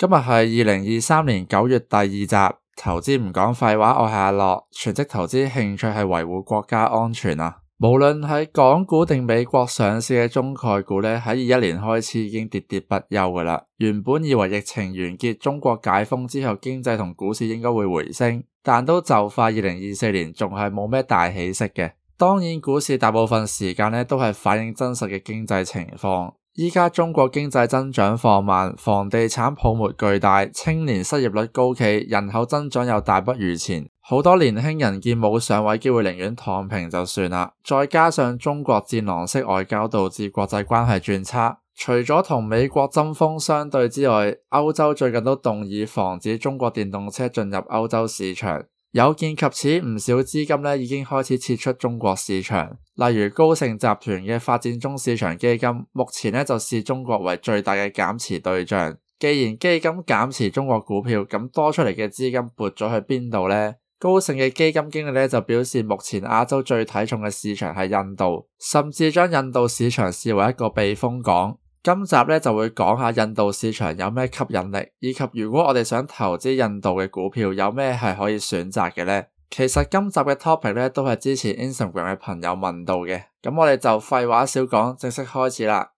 今日係二零二三年九月第二集，投資唔講廢話，我係阿樂，全職投資興趣係維護國家安全啊！無論喺港股定美國上市嘅中概股呢，喺二一年開始已經跌跌不休㗎喇。原本以為疫情完結，中國解封之後，經濟同股市應該會回升，但都就快二零二四年仲係冇咩大起色嘅。當然，股市大部分時間呢都係反映真實嘅經濟情況。而家中國經濟增長放慢，房地產泡沫巨大，青年失業率高企，人口增長又大不如前。好多年輕人見冇上位機會，寧願躺平就算啦。再加上中國戰狼式外交導致國際關係轉差，除咗同美國針鋒相對之外，歐洲最近都動議防止中國電動車進入歐洲市場。有見及此，唔少資金咧已經開始撤出中國市場。例如高盛集團嘅發展中市場基金，目前咧就視中國為最大嘅減持對象。既然基金減持中國股票，咁多出嚟嘅資金撥咗去邊度呢？高盛嘅基金經理咧就表示，目前亞洲最睇重嘅市場係印度，甚至將印度市場視為一個避風港。今集咧就會講下印度市場有咩吸引力，以及如果我哋想投資印度嘅股票，有咩係可以選擇嘅呢？其實今集嘅 topic 咧都係之前 Instagram 嘅朋友問到嘅，咁我哋就廢話少講，正式開始啦。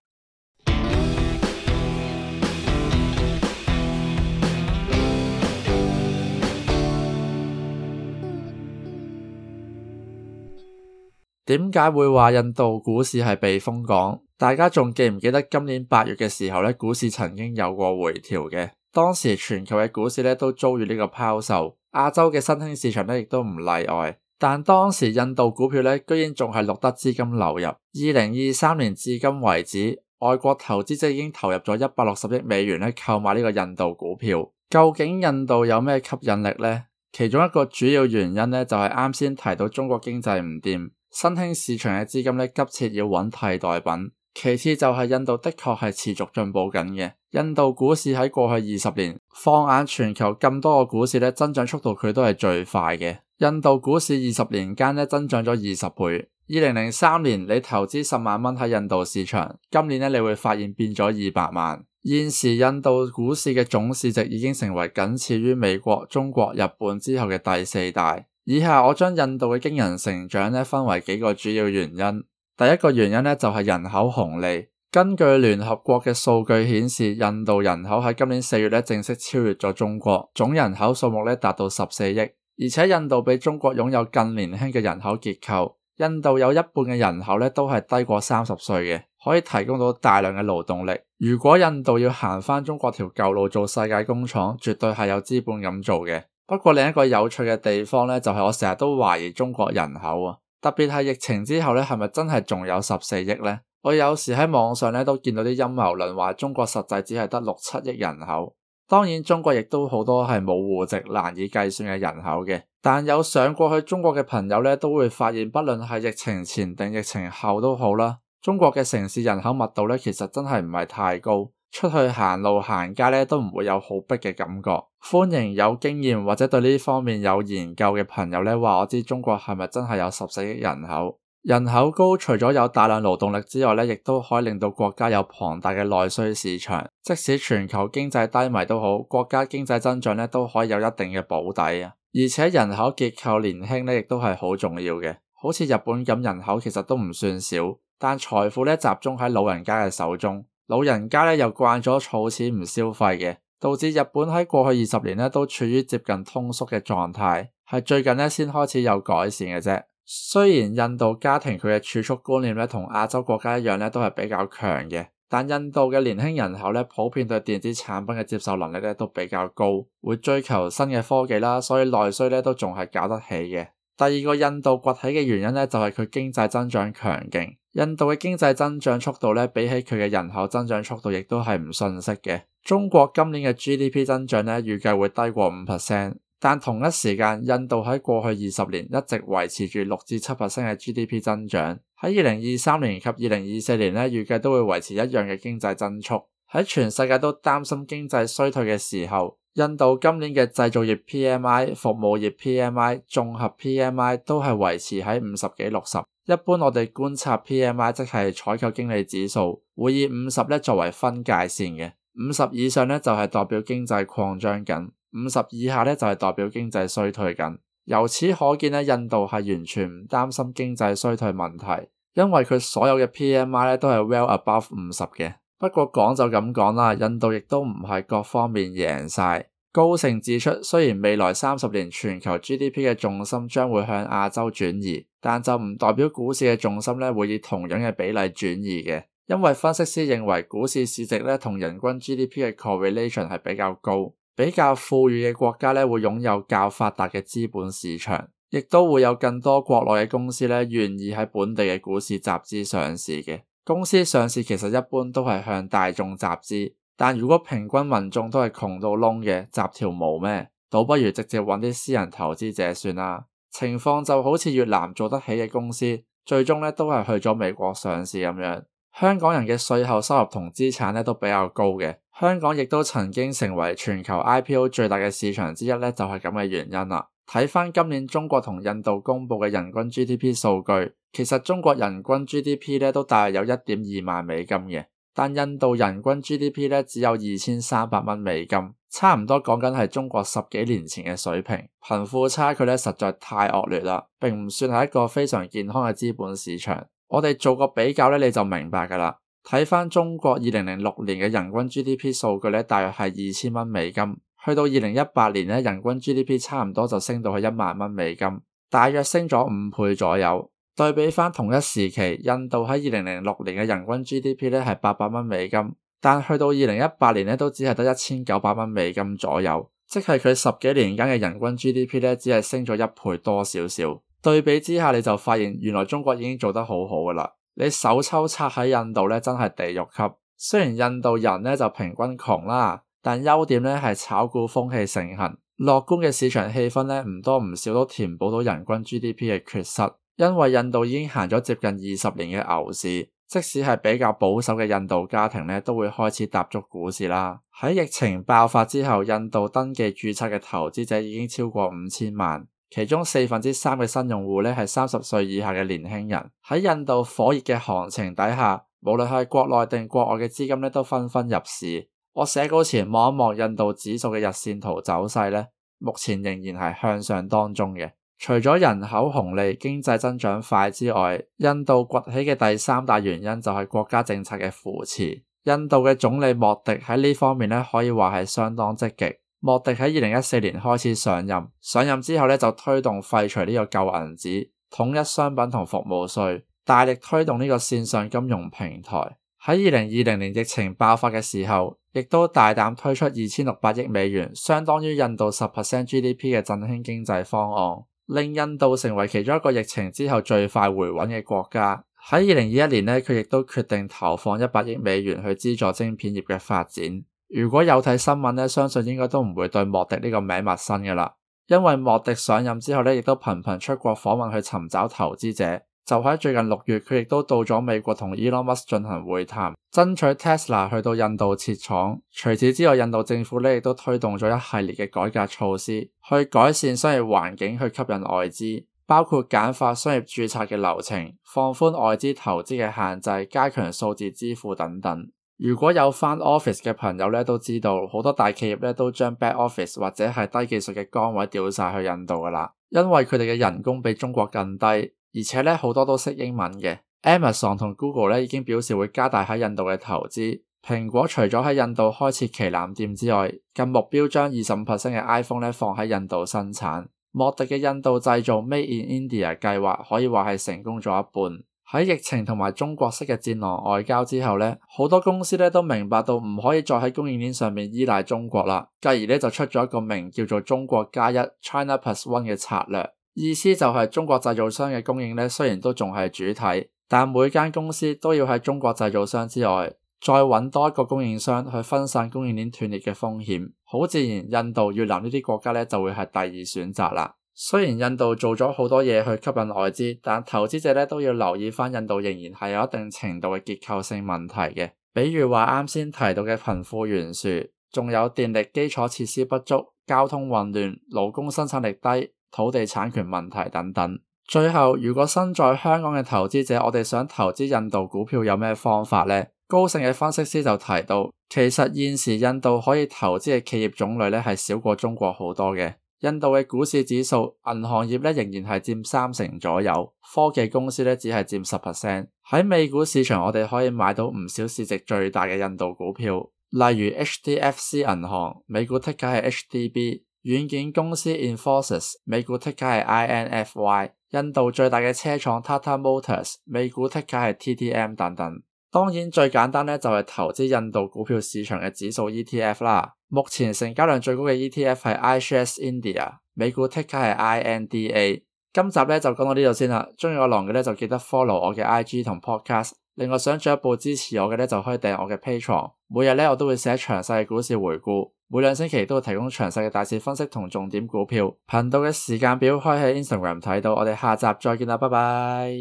點解會話印度股市係避風港？大家仲記唔記得今年八月嘅時候呢，股市曾經有過回調嘅。當時全球嘅股市呢都遭遇呢個拋售，亞洲嘅新興市場呢亦都唔例外。但當時印度股票呢居然仲係錄得資金流入。二零二三年至今為止，外國投資者已經投入咗一百六十億美元呢購買呢個印度股票。究竟印度有咩吸引力呢？其中一個主要原因呢就係啱先提到中國經濟唔掂，新興市場嘅資金呢急切要揾替代品。其次就係印度的確係持續進步緊嘅。印度股市喺過去二十年，放眼全球咁多個股市呢，增長速度佢都係最快嘅。印度股市二十年間呢增長咗二十倍。二零零三年你投資十萬蚊喺印度市場，今年呢你會發現變咗二百萬。現時印度股市嘅總市值已經成為僅次於美國、中國、日本之後嘅第四大。以下我將印度嘅驚人成長呢，分為幾個主要原因。第一個原因呢，就係人口紅利。根據聯合國嘅數據顯示，印度人口喺今年四月咧正式超越咗中國，總人口數目咧達到十四億。而且印度比中國擁有更年輕嘅人口結構，印度有一半嘅人口咧都係低過三十歲嘅，可以提供到大量嘅勞動力。如果印度要行返中國條舊路做世界工廠，絕對係有資本咁做嘅。不過另一個有趣嘅地方咧，就係我成日都懷疑中國人口啊。特別係疫情之後咧，係咪真係仲有十四億呢？我有時喺網上咧都見到啲陰謀論話中國實際只係得六七億人口。當然中國亦都好多係冇戶籍難以計算嘅人口嘅。但有上過去中國嘅朋友咧，都會發現，不論係疫情前定疫情後都好啦，中國嘅城市人口密度咧，其實真係唔係太高。出去行路行街咧，都唔會有好逼嘅感覺。歡迎有經驗或者對呢方面有研究嘅朋友咧，話我知中國係咪真係有十四億人口？人口高除咗有大量勞動力之外咧，亦都可以令到國家有龐大嘅內需市場。即使全球經濟低迷都好，國家經濟增長咧，都可以有一定嘅保底啊。而且人口結構年輕咧，亦都係好重要嘅。好似日本咁，人口其實都唔算少，但財富咧集中喺老人家嘅手中。老人家咧又慣咗儲錢唔消費嘅，導致日本喺過去二十年咧都處於接近通縮嘅狀態，係最近咧先開始有改善嘅啫。雖然印度家庭佢嘅儲蓄觀念咧同亞洲國家一樣咧都係比較強嘅，但印度嘅年輕人口咧普遍對電子產品嘅接受能力咧都比較高，會追求新嘅科技啦，所以內需咧都仲係搞得起嘅。第二個印度崛起嘅原因咧，就係佢經濟增長強勁。印度嘅經濟增長速度咧，比起佢嘅人口增長速度，亦都係唔遜色嘅。中國今年嘅 GDP 增長咧，預計會低過五 percent，但同一時間，印度喺過去二十年一直維持住六至七 percent 嘅 GDP 增長。喺二零二三年及二零二四年咧，預計都會維持一樣嘅經濟增速。喺全世界都擔心經濟衰退嘅時候，印度今年嘅製造業 PMI、服務業 PMI、綜合 PMI 都係維持喺五十幾、六十。一般我哋觀察 PMI，即係採購經理指數，會以五十作為分界線嘅。五十以上呢，就係代表經濟擴張緊，五十以下呢，就係代表經濟衰退緊。由此可見咧，印度係完全唔擔心經濟衰退問題，因為佢所有嘅 PMI 都係 well above 五十嘅。不過講就咁講啦，印度亦都唔係各方面贏晒。高盛指出，雖然未來三十年全球 GDP 嘅重心將會向亞洲轉移，但就唔代表股市嘅重心咧會以同樣嘅比例轉移嘅。因為分析師認為，股市市值咧同人均 GDP 嘅 correlation 係比較高，比較富裕嘅國家咧會擁有較發達嘅資本市場，亦都會有更多國內嘅公司咧願意喺本地嘅股市集資上市嘅。公司上市其實一般都係向大眾集資，但如果平均民眾都係窮到窿嘅，集條毛咩？倒不如直接搵啲私人投資者算啦。情況就好似越南做得起嘅公司，最終咧都係去咗美國上市咁樣。香港人嘅稅後收入同資產咧都比較高嘅，香港亦都曾經成為全球 IPO 最大嘅市場之一咧，就係咁嘅原因啦。睇翻今年中國同印度公布嘅人均 GDP 數據，其實中國人均 GDP 咧都大約有一點二萬美金嘅，但印度人均 GDP 咧只有二千三百蚊美金，差唔多講緊係中國十幾年前嘅水平，貧富差距咧實在太惡劣啦，並唔算係一個非常健康嘅資本市場。我哋做個比較咧，你就明白噶啦。睇翻中國二零零六年嘅人均 GDP 數據咧，大約係二千蚊美金。去到二零一八年咧，人均 GDP 差唔多就升到去一萬蚊美金，大約升咗五倍左右。對比翻同一時期，印度喺二零零六年嘅人均 GDP 咧係八百蚊美金，但去到二零一八年咧都只係得一千九百蚊美金左右，即係佢十幾年間嘅人均 GDP 咧只係升咗一倍多少少。對比之下，你就發現原來中國已經做得好好噶啦。你手抽擦喺印度咧真係地獄級，雖然印度人咧就平均窮啦。但優點咧係炒股風氣盛行，樂觀嘅市場氣氛咧唔多唔少都填補到人均 GDP 嘅缺失。因為印度已經行咗接近二十年嘅牛市，即使係比較保守嘅印度家庭咧都會開始踏足股市啦。喺疫情爆發之後，印度登記註冊嘅投資者已經超過五千萬，其中四分之三嘅新用戶咧係三十歲以下嘅年輕人。喺印度火熱嘅行情底下，無論係國內定國外嘅資金咧都紛紛入市。我寫稿前望一望印度指數嘅日線圖走勢呢，目前仍然係向上當中嘅。除咗人口紅利、經濟增長快之外，印度崛起嘅第三大原因就係國家政策嘅扶持。印度嘅總理莫迪喺呢方面呢，可以話係相當積極。莫迪喺二零一四年開始上任，上任之後呢，就推動廢除呢個舊銀紙，統一商品同服務稅，大力推動呢個線上金融平台。喺二零二零年疫情爆發嘅時候，亦都大膽推出二千六百億美元，相當於印度十 percent GDP 嘅振興經濟方案，令印度成為其中一個疫情之後最快回穩嘅國家。喺二零二一年呢，佢亦都決定投放一百億美元去資助晶片業嘅發展。如果有睇新聞呢，相信應該都唔會對莫迪呢個名陌生嘅啦，因為莫迪上任之後呢亦都頻頻出國訪問去尋找投資者。就喺最近六月，佢亦都到咗美國同 Elon Musk 進行會談，爭取 Tesla 去到印度設廠。除此之外，印度政府呢亦都推動咗一系列嘅改革措施，去改善商業環境，去吸引外資，包括簡化商業註冊嘅流程、放寬外資投資嘅限制、加強數字支付等等。如果有返 office 嘅朋友呢，都知道好多大企業呢都將 back office 或者係低技術嘅崗位調晒去印度噶啦，因為佢哋嘅人工比中國更低。而且咧，好多都識英文嘅。Amazon 同 Google 咧已經表示會加大喺印度嘅投資。蘋果除咗喺印度開設旗艦店之外，近目標將二十五 percent 嘅 iPhone 咧放喺印度生產。莫迪嘅印度製造 （Made in India） 計劃可以話係成功咗一半。喺疫情同埋中國式嘅戰狼外交之後咧，好多公司咧都明白到唔可以再喺供應鏈上面依賴中國啦。繼而咧就出咗一個名叫做中國加一 （China Plus One） 嘅策略。意思就係中國製造商嘅供應咧，雖然都仲係主體，但每間公司都要喺中國製造商之外再揾多一個供應商去分散供應鏈斷裂嘅風險。好自然，印度、越南呢啲國家就會係第二選擇啦。雖然印度做咗好多嘢去吸引外資，但投資者都要留意返印度仍然係有一定程度嘅結構性問題嘅，比如話啱先提到嘅貧富懸殊，仲有電力基礎設施不足、交通混亂、勞工生產力低。土地產權問題等等。最後，如果身在香港嘅投資者，我哋想投資印度股票有咩方法呢？高盛嘅分析師就提到，其實現時印度可以投資嘅企業種類咧係少過中國好多嘅。印度嘅股市指數，銀行業咧仍然係佔三成左右，科技公司咧只係佔十 percent。喺美股市場，我哋可以買到唔少市值最大嘅印度股票，例如 HDFC 銀行，美股剔價係 HDB。軟件公司 Infosys 美股 ticker 係 INFY；印度最大嘅車廠 Tata Motors，美股 ticker 係 TTM 等等。當然最簡單呢，就係投資印度股票市場嘅指數 ETF 啦。目前成交量最高嘅 ETF 係 iShares India，美股 ticker 係 INDA。今集呢，就講到呢度先啦。中意我龍嘅呢，就記得 follow 我嘅 IG 同 Podcast。另外想進一步支持我嘅呢，就可以訂我嘅 Patreon。每日呢，我都會寫詳細嘅股市回顧。每兩星期都會提供詳細嘅大市分析同重點股票。頻道嘅時間表，可以喺 Instagram 睇到。我哋下集再見啦，拜拜。